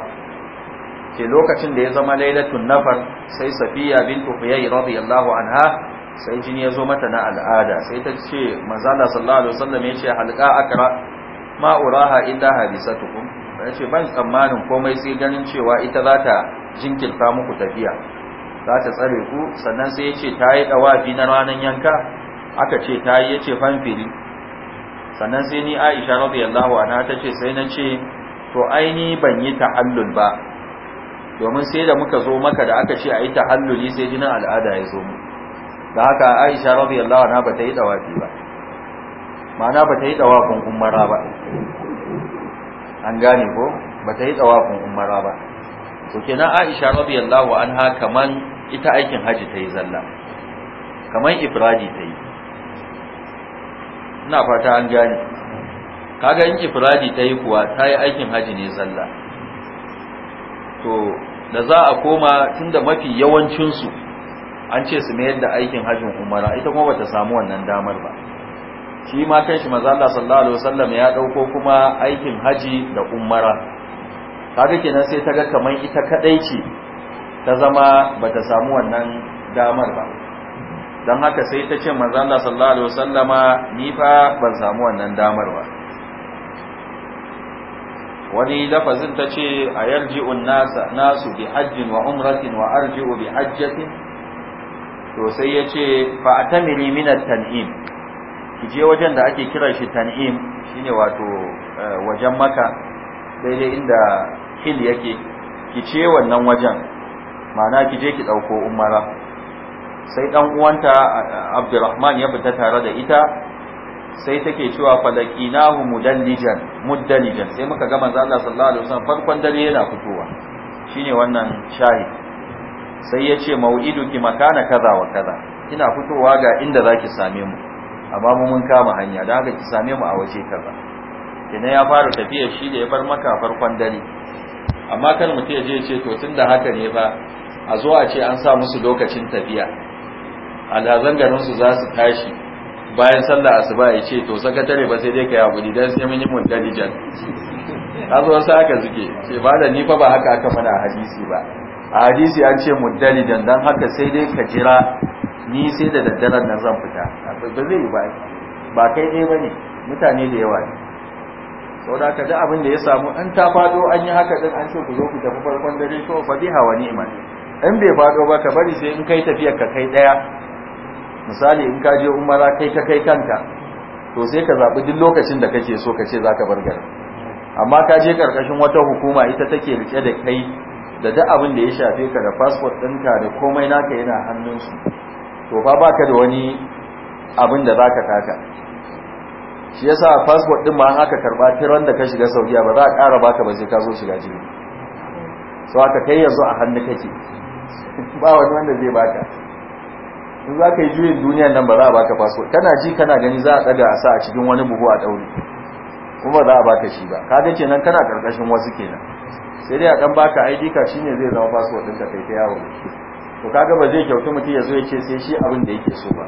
ke lokacin da ya zama lailatul nafar sai safiya bintu huyay radiyallahu anha sai jini ya zo mata na al'ada sai ta ce manzala sallallahu alaihi wasallam ya ce halqa akra ma uraha illa Sai ya ce ban tsammanin komai sai ganin cewa ita za ta jinkirta muku tafiya za ta tsare ku sannan sai ya ce ta yi dawafi na ranan yanka aka ce ta yi ya ce fanfili sannan sai ni Aisha radiyallahu anha ta ce sai na ce to aini ban yi ta'allul ba domin sai da muka zo maka da aka ce a yi tahalluli sai jinin al'ada ya zo mu da haka aisha radiyallahu anha bata yi dawafi ba ma'ana bata yi dawafin umara ba an gane ko bata yi dawafin umara ba to kenan aisha radiyallahu anha kaman ita aikin haji ta yi zalla kaman ifradi ta yi ina fata an gane kaga in ifradi ta yi kuwa ta yi aikin haji ne zalla to da za a koma tunda mafi yawancinsu an ce su mayar da aikin hajjin umara ita kuma bata samu wannan damar ba shi ma shi manzo Allah sallallahu alaihi wasallam ya dauko kuma aikin haji da umara kaga kenan sai ta ga kaman ita kadai ce ta zama bata samu wannan damar ba dan haka sai ta ce manzo Allah sallallahu alaihi wasallama ni fa ban samu wannan damar ba wani lafazin ta ce a yarji'un nasu bi hajjin wa umratin wa arji'u bi hajjatin to sai ya ce fa'atamiri minat tan'im ki je wajen da ake kiran shi tan'im shine wato eh, wajen maka daidai inda hil yake ki ce wannan wajen ma'ana ki ki ɗauko umara sai ɗan uwanta eh, abdurrahman ya fita tare da ita sai take cewa falakinahu mudallijan mudallijan sai muka ga manzo Allah sallallahu alaihi wasallam farkon dare yana fitowa shine wannan shahid sai ya ce ki makana kaza wa kaza ina fitowa ga inda zaki same mu amma mu mun kama hanya da haka ki same mu a waje kaza kina ya fara tafiya shi da ya bar maka farkon dare amma kan mutum ya je ce to tun da haka ne ba a zo a ce an sa musu lokacin tafiya alhazan garin su za su tashi bayan sallah asuba ya ce to sakatare ba sai dai ka yaƙuri don sai mun yi mun dalijan a zo sa aka zuke ce ba da ni fa ba haka aka mana hadisi ba a hadisi an ce muddali dan haka sai dai ka jira ni sai da daddaren nan zan fita ba zai yi ba ba kai ne ba ne mutane da yawa ne sau da ka da abin da ya samu in ta fado an yi haka din an ce ku zo ku tafi farkon dare to fa hawa ni ni'man in bai fado ba ka bari sai in kai tafiyar ka kai daya misali in ka je umara kai ka kai kanka to sai ka zabi duk lokacin da kake so ka ce zaka bar gari. amma ka je karkashin wata hukuma ita take rike da kai da duk abin da ya shafe ka da passport ɗinka da komai naka yana hannunsu to fa baka da wani abin da zaka taka shi yasa passport din ma an aka karba tiran da ka shiga Saudiya ba za a ƙara baka ba sai ka zo shiga jini so aka kai yanzu a hannu kake ba wani wanda zai baka in za ka yi juyin duniya nan ba za a baka passport kana ji kana gani za a ɗaga a sa a cikin wani buhu a ɗauri. kuma za a baka shi ba Ka ga kenan kana ƙarƙashin wasu kenan sai dai a dan baka ID card shine zai zama password ɗinka kai ta yawo to kaga ba zai kyautu mutum ya zo ya ce sai shi abin da yake so ba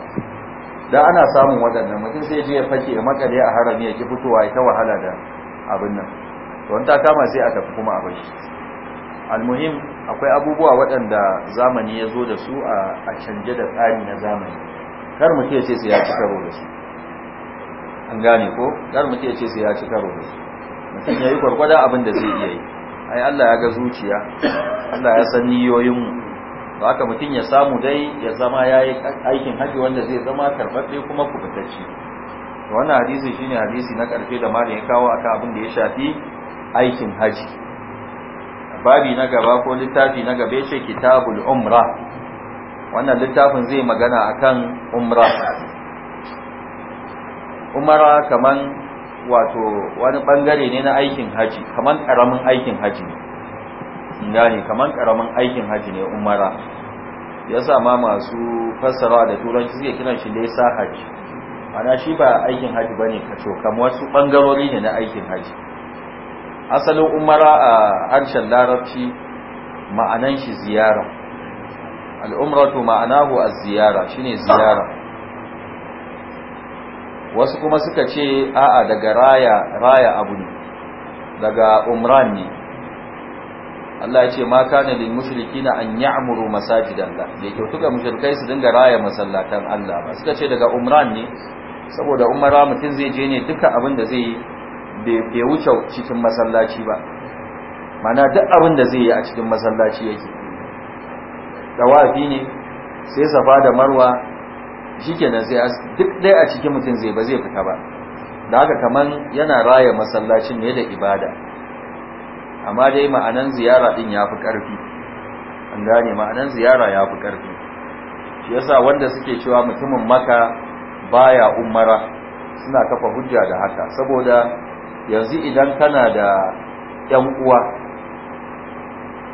da ana samun waɗannan mutum sai je ya fake ya makale a harami ya ki fitowa ya ta wahala da abin nan to wani ta kama sai a tafi kuma abin shi almuhim akwai abubuwa waɗanda zamani ya zo da su a canje da tsari na zamani kar mutum ya ce sai ya ci karo da su an gane ko kar mutum ya ce sai ya ci karo da su mutum ya yi gwargwadon abin da zai iya yi ai Allah ya ga zuciya Allah ya san niyoyinmu to haka mutum ya samu dai ya zama ya yi aikin haji wanda zai zama karɓaɓɓe kuma kubutacce to wannan hadisi shine hadisi na ƙarfe da malam ya kawo aka abin da ya shafi aikin haji babi na gaba ko littafi na gaba ce kitabul umra wannan littafin zai magana akan umra umara kaman wato wani bangare ne na aikin haji Kamar karamin aikin haji ne ne. Kamar karamin aikin haji ne umara ya ma masu fassara da turanci suke kiran shi laysa haji ana shi ba aikin haji bane kaco kamar wasu bangarori ne na aikin haji asalin umara a harshen larabci ma'anan shi ziyara al'umratu ma'anahu az-ziyara shine ziyara wasu kuma suka ce a'a daga raya raya abu ne daga umran ne Allah ya ce ma kana lil mushrikina an ya'muru masajidallah bai kyautu tuka mushrikai su dinga raya masallatan Allah ba suka ce daga umran ne saboda umara mutum zai je ne duka abin da zai bai wuce cikin masallaci ba mana duk abin da zai yi a cikin masallaci yake tawafi ne sai safa da marwa shikenan sai duk ɗaya a cikin mutum zai ba zai fita ba da haka kaman yana raya masallacin ne da ibada amma dai ma'anan ziyara din ya fi ƙarfi an gane ma'anan ziyara ya fi ƙarfi shi yasa wanda suke cewa mutumin maka baya umara suna kafa hujja da haka saboda yanzu idan kana da yan uwa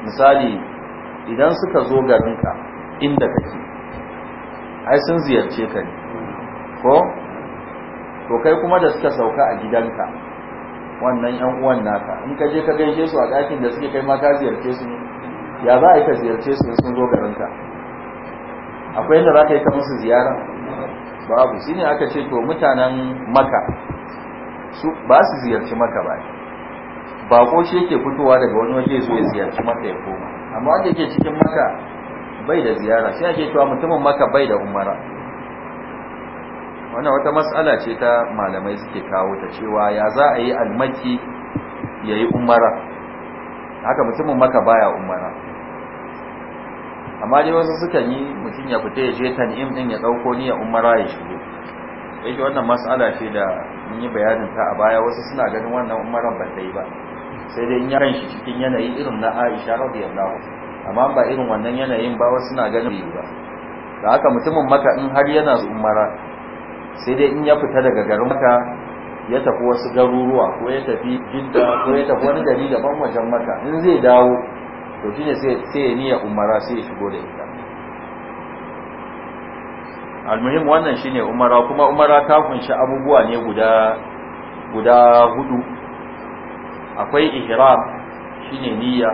misali idan suka zo garinka inda kake ai sun ziyarce ka ne ko to kai kuma da suka sauka a gidanka wannan yan uwan naka in ka je ka gaishe su a ɗakin da suke kai ma ka ziyarce su ya za a yi ka ziyarce su sun zo garinka akwai yadda za ka yi ka musu ziyara babu shi ne aka ce to mutanen maka su ba su ziyarci maka ba ko shi yake fitowa daga wani waje zuwa ya ziyarci maka ya koma amma wanda yake cikin maka bai da ziyara shi ake cewa mutumin maka bai da umara wannan wata matsala ce ta malamai suke kawo ta cewa ya za a yi almaki ya yi umara haka mutumin maka baya umara amma dai wasu suka yi mutum ya fita ya je tan'im din ya dauko ni ya umara ya shigo yake wannan matsala ce da mun yi bayanin ta a baya wasu suna ganin wannan umaran ba ta yi ba sai dai in ya shi cikin yanayi irin na aisha radiyallahu anha amma ba irin wannan yanayin ba wasu na ganin ba da haka mutumin maka in har yana su umara sai dai in ya fita daga garin maka ya tafi wasu garuruwa ko ya tafi jidda ko ya tafi wani gari daban wajen maka in zai dawo to shine sai ya niya umara sai ya shigo da ita almuhim wannan shine umara kuma umara ta kunshi abubuwa ne guda guda hudu akwai ihram shine niyya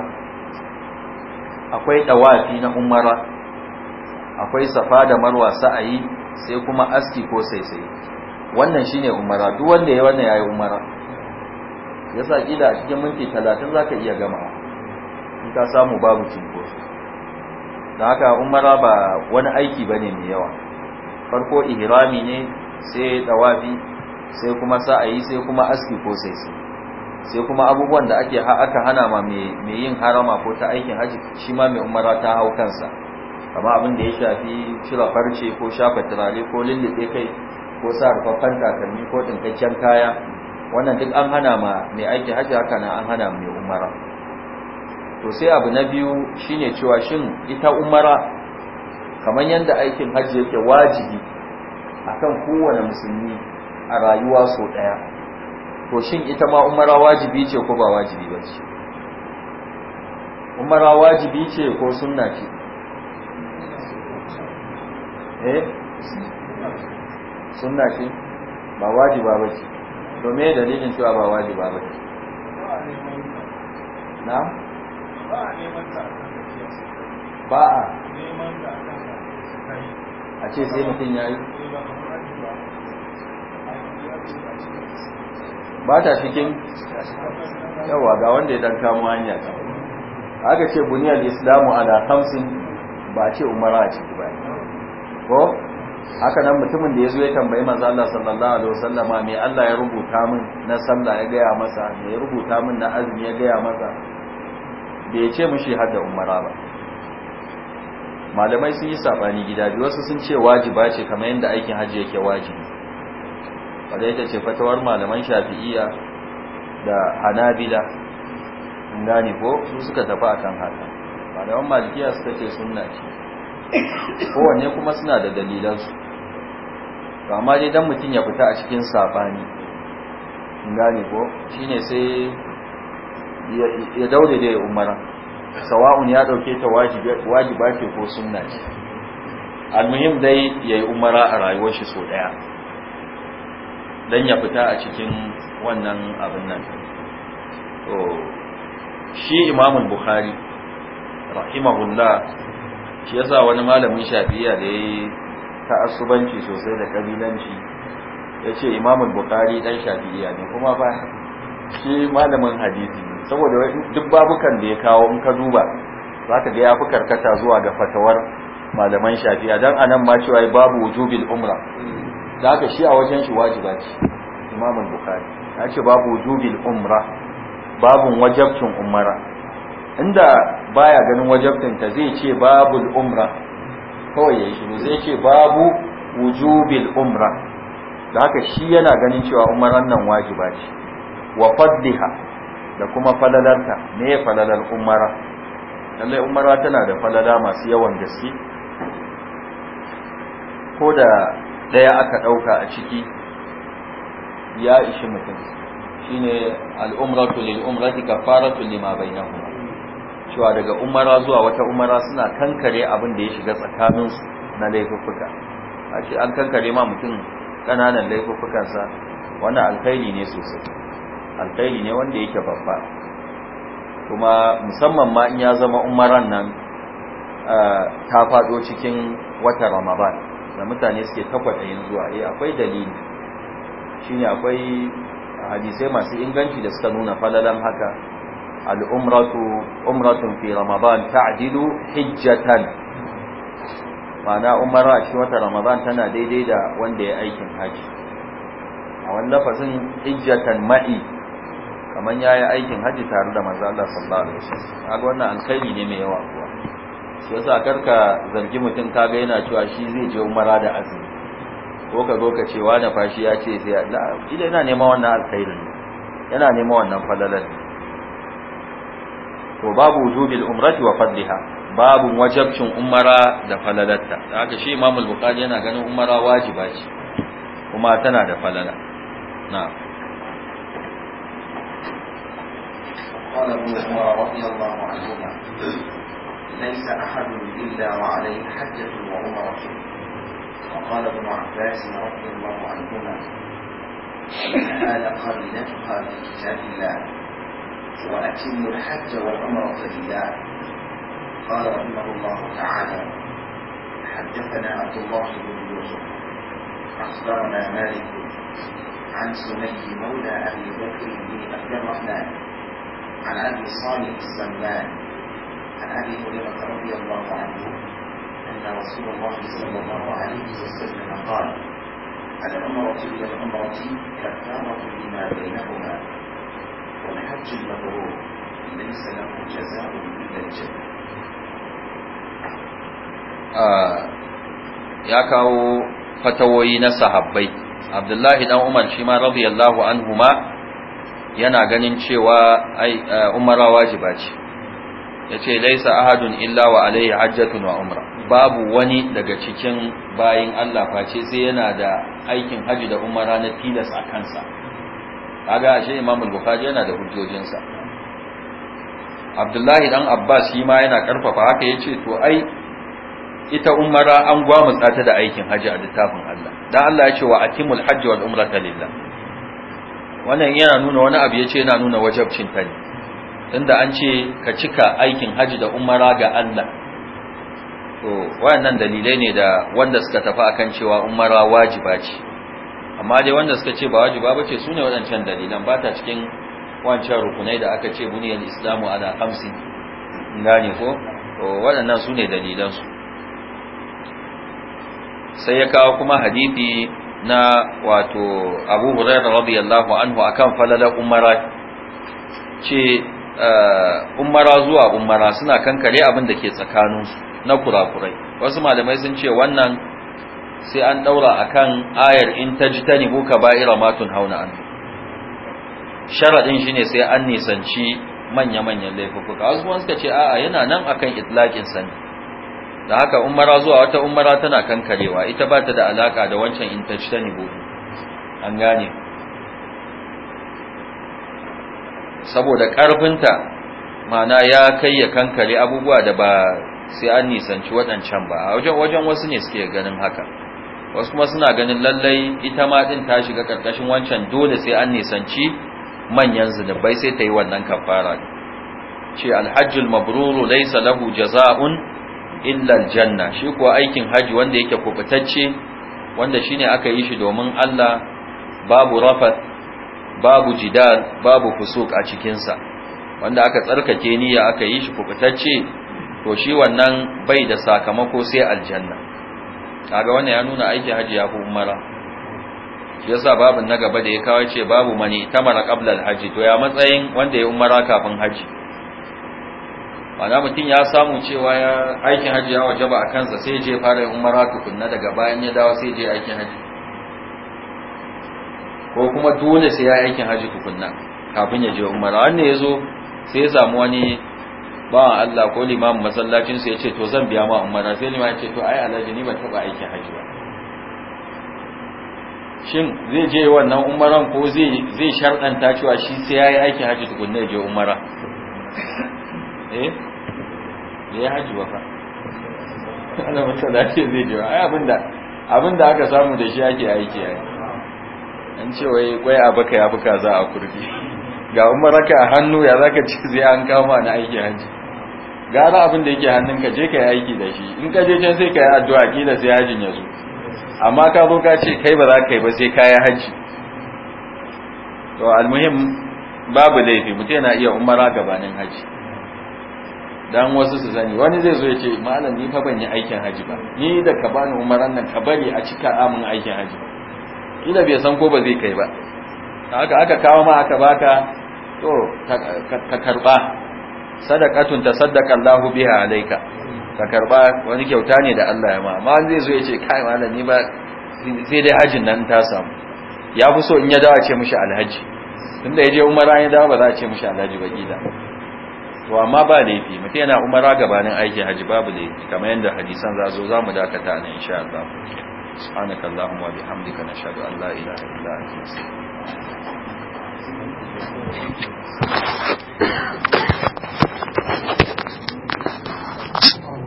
akwai dawafi na umara akwai safa da marwa sa'ayi sai kuma aski ko saisaye wannan shine umara duk wanda ya wannan yayi umara yasa kila a cikin minti 30 zaka iya gama in ka samu babu cinkoso da haka umara ba wani aiki bane mai yawa farko ihrami ne sai dawafi sai kuma sa'ayi sai kuma aski ko saisaye sai kuma abubuwan da ake aka hana ma mai yin harama ko ta aikin hajji shi ma mai umara ta hau kansa amma abin da ya shafi cire farce ko shafa turare ko lullube kai ko sa rufaffen takalmi ko dinkakken kaya wannan duk an hana ma mai aiki hajji haka na an hana mai umara to sai abu na biyu shine cewa shin ita umara kamar yadda aikin hajji yake wajibi akan kowane musulmi a rayuwa sau daya to shin ita ma umara wajibi ce ko ba wajibi ba ce umara wajibi ce ko sunna ce eh sunna ce ba wajiba ba ce to me dalilin cewa ba wajiba ba ce na ba a a ce sai mutum ya yi ba ta cikin yawa ga wanda ya dan kamo hanya aka ce buniyar islamu ala hamsin ba ce umara a ciki ba ko haka nan mutumin da ya zo ya tambayi manzo Allah sallallahu alaihi wasallam me Allah ya rubuta min na sallah ya gaya masa me ya rubuta min na azumi ya gaya masa bai ce mishi hadda umara ba malamai sun yi sabani gida biyu wasu sun ce wajiba ce kamar yadda aikin hajji yake wajibi wadda ita ce fatawar malaman shafi'iya da hanabila in gane ko su suka tafi akan haka malaman malikiya suka ce sunna ce kowanne kuma suna da dalilansu amma dai dan mutum ya fita a cikin sabani in gane ko shine sai ya daure da ya umara sawa'un ya dauke ta wajiba ko sunna ce almuhim dai yayi umara a rayuwar shi so daya don ya fita a cikin wannan abin nan shi imamun bukhari rahimahullah shi yasa wani malamin shafiya da ya yi ta'assubanci sosai da kabilanci ya ce imamun bukhari dan shafiya ne kuma ba shi malamin hadisi saboda duk babukan da ya kawo in ka duba za ka ga ya fi karkata zuwa ga fatawar malaman shafiya don anan ma cewa babu wujubil umra da haka shi a wajen shi wajiba ce imamun bukhari ya ce babu wujubil umra babu wajabcin umara inda baya ganin wajabcin ta zai ce babul umra kawai ya shiru zai ce babu wujubil umra da haka shi yana ganin cewa umaran nan wajiba ce wa faddiha da kuma falalarta me falalar umara lallai umara tana da falala masu yawan gaske ko da daya aka ɗauka a ciki ya ishi mutum shine al'umratu lil umrati kafaratu lima bainahuma cewa daga umara zuwa wata umara suna kankare abin da ya shiga tsakanin su na laifuffuka a ce an kankare ma mutum kananan laifuffukansa wannan alkhairi ne sosai alkhairi ne wanda yake babba kuma musamman ma in ya zama umaran nan eh, ta faɗo cikin watan ramadan da mutane suke takwata yin zuwa eh akwai dalili shine akwai hadisai masu inganci da suka nuna falalan haka al-umratu umratun fi ramadan ta'dilu hijjatan Mana umara a cikin wata ramadan tana daidai da wanda ya aikin haji a wani lafazin hijjatan ma'i kamar ya aikin haji tare da manzo Allah sallallahu alaihi wasallam wannan alkhairi ne mai yawa shi sa karka zargi mutum kaga yana cewa shi zai je umara da azumi ko ka zo ka ce wani fashi ya ce sai Allah Ila ina neman wannan alkhairin yana neman wannan falalan to babu wujubil umrati wa fadliha babu wajabcin umara da falalatta haka shi Imam al-Bukhari yana ganin umara wajiba ce kuma tana da falala na'am قال ابن عمر رضي الله عنهما ليس أحد إلا وعليه حجة وعمرة وقال ابن عباس رضي الله عنهما إنها لقبيلتها في كتاب الله وأتم الحج والعمرة لله قال رحمه الله تعالى حدثنا عبد الله بن يوسف أخبرنا مالك عن سمي مولى أبي بكر بن عبد الرحمن عن أبي صالح السمان عن أبي هريرة رضي الله عنه أن رسول الله صلى الله عليه وسلم قال العمرة إلى العمرة كفارة لما بينهما والحج المبرور ليس له جزاء إلا الجنة ya kawo fatawoyi na sahabbai abdullahi dan umar shi ma radiyallahu anhuma yana ganin cewa ai umara wajiba ce ya ce laisa ahadun illa wa alaihi hajjatun wa umra babu wani daga cikin bayin Allah face sai yana da aikin haji da umara na tilas a kansa kaga ashe Imam al-Bukhari yana da hujjojinsa Abdullahi dan Abbas shi ma yana karfafa haka yace to ai ita umara an gwamutsa ta da aikin haji a littafin Allah dan Allah ya ce wa atimul hajji wal umrata lillah wannan yana nuna wani abu yace yana nuna wajabcin ta ne tunda an ce ka cika aikin haji da umara ga Allah to wayannan dalilai ne da wanda suka tafi akan cewa umara wajiba ce amma dai wanda suka ce ba wajiba ba ce sune wadancan dalilan ba ta cikin wancan rukunai da aka ce buniyal islamu ala khamsin gane ko to wadannan sune dalilan su sai ya kawo kuma hadisi na wato Abu Hurairah radiyallahu anhu akan falala umara ce Eh, umara zuwa umara suna kankare abin da ke tsakaninsu na kurakurai wasu malamai sun ce wannan sai an daura akan ayar in tajtani bu ba'ira matun hauna an sharadin shine sai an nisanci manya-manyan laifuka wasu wanda suka ce a'a yana nan akan itlaqin sani da haka umara zuwa wata umara tana kankarewa ita ba ta da alaka da wancan in tajtani bu an gane saboda ƙarfinta mana ya kai ya kankare abubuwa da ba sai an nisanci waɗancan ba a wajen wasu ne suke ganin haka wasu kuma suna ganin lallai ita ma din ta shiga ƙarƙashin wancan dole sai an nisanci manyan zunubai sai ta yi wannan kafara ce alhajjul mabruru laisa lahu jaza'un illa aljanna shi kuwa aikin haji wanda yake kubutacce wanda shine aka yi shi domin Allah babu rafat babu jidal babu fusuk a cikinsa wanda aka tsarkake niyya aka yi shi kubutacce to shi wannan bai da sakamako sai aljanna kaga wannan ya nuna aiki haji ya fi shi yasa na gaba da ya kawo ce babu mani tamara qabla alhaji to ya matsayin wanda ya umara kafin haji ana mutum ya samu cewa ya aikin haji ya wajaba a kansa sai je fara umara tukunna daga bayan ya dawo sai je aikin haji ko kuma dole sai ya aikin haji tukunna kafin ya je umara wannan yazo sai ya samu wani ba Allah ko limamin masallacin ya ce to zan biya ma umara sai limamin ya ce to ai alhaji ni ban taba aikin haji ba shin zai je wannan umaran ko zai zai sharɗanta cewa shi sai yayi aikin haji tukunna ya je umara eh ya haji ba fa Allah da ce zai je ai abinda abinda aka samu da shi ake aiki ai an ce wai kwai a baka ya baka za a kurdi ga umaraka a hannu ya zaka ci zai an kama na aiki haji gara abin da yake ka je ka yi aiki da shi in ka je can sai ka yi addu'a kila sai hajin ya zo amma ka zo ka ce kai ba za ka yi ba sai ka yi haji to almuhim babu laifi mutum yana iya umara gabanin hajji dan wasu su sani wani zai zo ya ce malam ni fa ban yi aikin haji ba ni da ka bani umaran nan ka bari a cika amin aikin haji ba Kila bai san ko ba zai kai ba haka aka kawo ma aka baka to ka karba sadaqatun tasaddaqa Allahu biha alayka ka karba wani kyauta ne da Allah ya ma amma zai zo ya ce kai malami ba sai dai hajin nan ta samu ya fi so in ya dawo ce mishi alhaji tunda ya je umara ya dawo ba za a ce mishi alhaji ba gida to amma ba laifi mutum yana umara gabanin aikin haji babu laifi kamar yadda hadisan za zo za mu dakata ne insha Allah سبحانك اللهم وبحمدك نشهد أن لا إله إلا أنت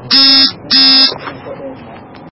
نستغفرك